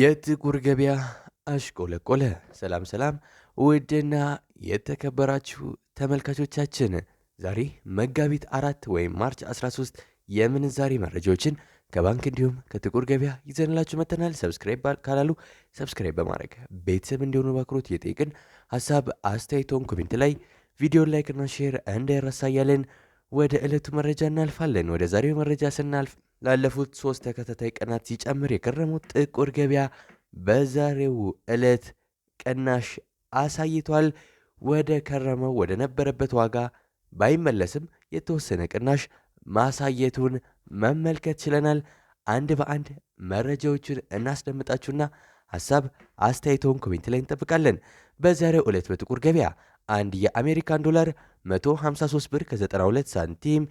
የጥቁር ገበያ አሽቆለቆለ። ሰላም ሰላም! ውድና የተከበራችሁ ተመልካቾቻችን ዛሬ መጋቢት አራት ወይም ማርች 13 የምንዛሬ መረጃዎችን ከባንክ እንዲሁም ከጥቁር ገበያ ይዘንላችሁ መተናል። ሰብስክራይብ ካላሉ ሰብስክራይብ በማድረግ ቤተሰብ እንዲሆኑ በአክብሮት እየጠየቅን ሀሳብ አስተያየቶን ኮሜንት ላይ ቪዲዮ ላይክና ሼር እንዳይረሳ እያለን ወደ ዕለቱ መረጃ እናልፋለን። ወደ ዛሬው መረጃ ስናልፍ ላለፉት ሶስት ተከታታይ ቀናት ሲጨምር የከረመው ጥቁር ገበያ በዛሬው ዕለት ቅናሽ አሳይቷል። ወደ ከረመው ወደ ነበረበት ዋጋ ባይመለስም የተወሰነ ቅናሽ ማሳየቱን መመልከት ችለናል። አንድ በአንድ መረጃዎችን እናስደምጣችሁና ሀሳብ አስተያየቶን ኮሜንት ላይ እንጠብቃለን። በዛሬው ዕለት በጥቁር ገበያ አንድ የአሜሪካን ዶላር 153 ብር ከ92 ሳንቲም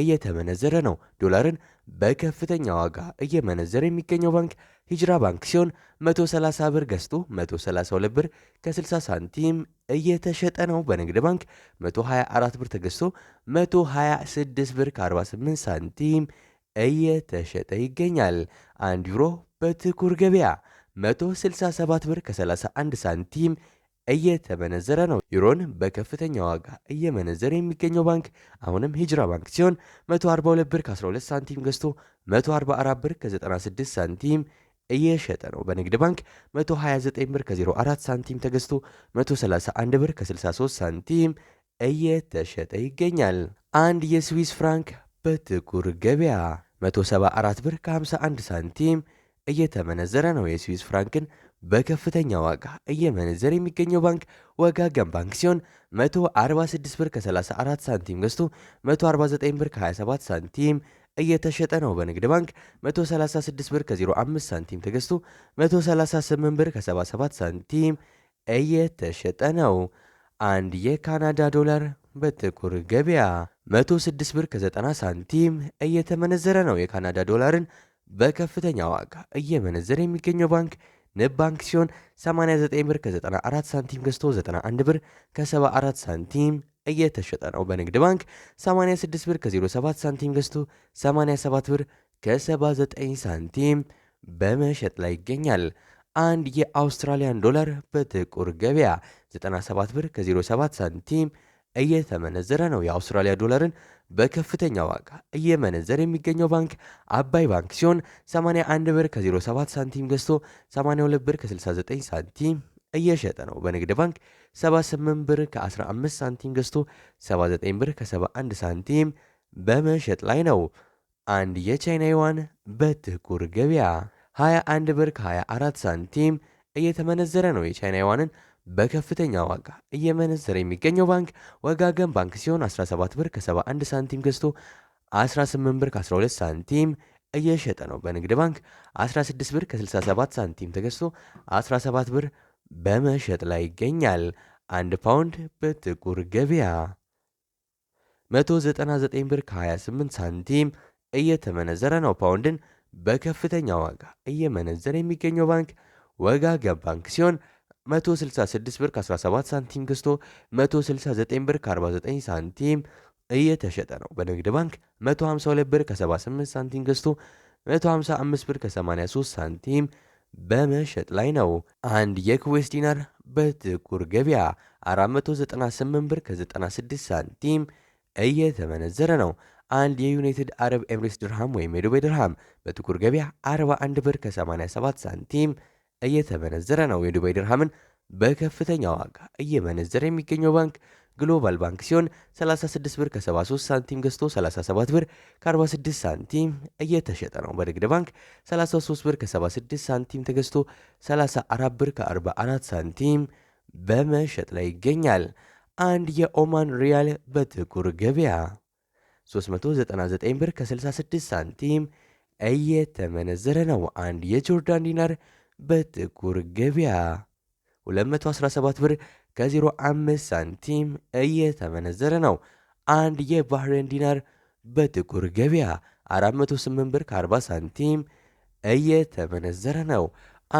እየተመነዘረ ነው። ዶላርን በከፍተኛ ዋጋ እየመነዘረ የሚገኘው ባንክ ሂጅራ ባንክ ሲሆን 130 ብር ገዝቶ 132 ብር ከ60 ሳንቲም እየተሸጠ ነው። በንግድ ባንክ 124 ብር ተገዝቶ 126 ብር ከ48 ሳንቲም እየተሸጠ ይገኛል። አንድ ዩሮ በጥቁር ገበያ 167 ብር ከ31 ሳንቲም እየተመነዘረ ነው። ዩሮን በከፍተኛ ዋጋ እየመነዘረ የሚገኘው ባንክ አሁንም ሂጅራ ባንክ ሲሆን 142 ብር ከ12 ሳንቲም ገዝቶ 144 ብር ከ96 ሳንቲም እየሸጠ ነው። በንግድ ባንክ 129 ብር ከ04 ሳንቲም ተገዝቶ 131 ብር ከ63 ሳንቲም እየተሸጠ ይገኛል። አንድ የስዊስ ፍራንክ በጥቁር ገበያ 174 ብር ከ51 ሳንቲም እየተመነዘረ ነው። የስዊስ ፍራንክን በከፍተኛ ዋጋ እየመነዘር የሚገኘው ባንክ ወጋገን ባንክ ሲሆን 146 ብር ከ34 ሳንቲም ገዝቶ 149 ብር ከ27 ሳንቲም እየተሸጠ ነው። በንግድ ባንክ 136 ብር ከ05 ሳንቲም ተገዝቶ 138 ብር ከ77 ሳንቲም እየተሸጠ ነው። አንድ የካናዳ ዶላር በጥቁር ገበያ 106 ብር ከ90 ሳንቲም እየተመነዘረ ነው። የካናዳ ዶላርን በከፍተኛ ዋጋ እየመነዘረ የሚገኘው ባንክ ንብ ባንክ ሲሆን 89 ብር ከ94 ሳንቲም ገዝቶ 91 ብር ከ74 ሳንቲም እየተሸጠ ነው። በንግድ ባንክ 86 ብር ከ07 ሳንቲም ገዝቶ 87 ብር ከ79 ሳንቲም በመሸጥ ላይ ይገኛል። አንድ የአውስትራሊያን ዶላር በጥቁር ገበያ 97 ብር ከ07 ሳንቲም እየተመነዘረ ነው። የአውስትራሊያ ዶላርን በከፍተኛ ዋጋ እየመነዘር የሚገኘው ባንክ አባይ ባንክ ሲሆን 81 ብር ከ07 ሳንቲም ገዝቶ 82 ብር ከ69 ሳንቲም እየሸጠ ነው። በንግድ ባንክ 78 ብር ከ15 ሳንቲም ገዝቶ 79 ብር ከ71 ሳንቲም በመሸጥ ላይ ነው። አንድ የቻይና ዩዋን በጥቁር ገበያ 21 ብር ከ24 ሳንቲም እየተመነዘረ ነው። የቻይና ዩዋንን በከፍተኛ ዋጋ እየመነዘረ የሚገኘው ባንክ ወጋገን ባንክ ሲሆን 17 ብር ከ71 ሳንቲም ገዝቶ 18 ብር ከ12 ሳንቲም እየሸጠ ነው። በንግድ ባንክ 16 ብር ከ67 ሳንቲም ተገዝቶ 17 ብር በመሸጥ ላይ ይገኛል። አንድ ፓውንድ በጥቁር ገበያ 199 ብር ከ28 ሳንቲም እየተመነዘረ ነው። ፓውንድን በከፍተኛ ዋጋ እየመነዘረ የሚገኘው ባንክ ወጋገን ባንክ ሲሆን 166 ብር ከ17 ሳንቲም ገዝቶ 169 ብር ከ49 ሳንቲም እየተሸጠ ነው። በንግድ ባንክ 152 ብር ከ78 ሳንቲም ገዝቶ 155 ብር ከ83 ሳንቲም በመሸጥ ላይ ነው። አንድ የኩዌስ ዲናር በጥቁር ገበያ 498 ብር ከ96 ሳንቲም እየተመነዘረ ነው። አንድ የዩናይትድ አረብ ኤምሬትስ ድርሃም ወይም የዱባይ ድርሃም በጥቁር ገበያ 41 ብር ከ87 ሳንቲም እየተመነዘረ ነው። የዱባይ ድርሃምን በከፍተኛ ዋጋ እየመነዘረ የሚገኘው ባንክ ግሎባል ባንክ ሲሆን 36 ብር ከ73 ሳንቲም ገዝቶ 37 ብር ከ46 ሳንቲም እየተሸጠ ነው። በንግድ ባንክ 33 ብር ከ76 ሳንቲም ተገዝቶ 34 ብር ከ44 ሳንቲም በመሸጥ ላይ ይገኛል። አንድ የኦማን ሪያል በጥቁር ገበያ 399 ብር ከ66 ሳንቲም እየተመነዘረ ነው። አንድ የጆርዳን ዲናር በጥቁር ገበያ 217 ብር ከ05 ሳንቲም እየተመነዘረ ነው። አንድ የባህሬን ዲናር በጥቁር ገበያ 408 ብር ከ40 ሳንቲም እየተመነዘረ ነው።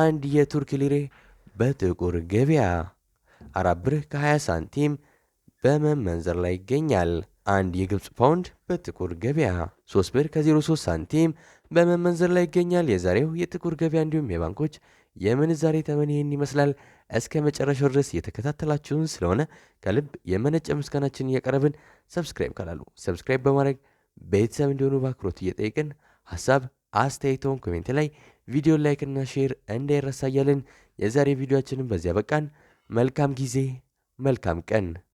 አንድ የቱርክ ሊሬ በጥቁር ገበያ 4 ብር ከ20 ሳንቲም በመመንዘር ላይ ይገኛል። አንድ የግብፅ ፓውንድ በጥቁር ገበያ 3 ብር ከ03 ሳንቲም በመመንዘር ላይ ይገኛል። የዛሬው የጥቁር ገበያ እንዲሁም የባንኮች የምንዛሬ ተመን ይህን ይመስላል። እስከ መጨረሻው ድረስ የተከታተላችሁን ስለሆነ ከልብ የመነጨ ምስጋናችን እያቀረብን ሰብስክራይብ ካላሉ ሰብስክራይብ በማድረግ ቤተሰብ እንዲሆኑ በአክብሮት እየጠየቅን ሀሳብ አስተያየተውን ኮሜንት ላይ ቪዲዮ ላይክና ሼር እንዳይረሳ እያልን የዛሬ ቪዲዮችንን በዚያ በቃን። መልካም ጊዜ፣ መልካም ቀን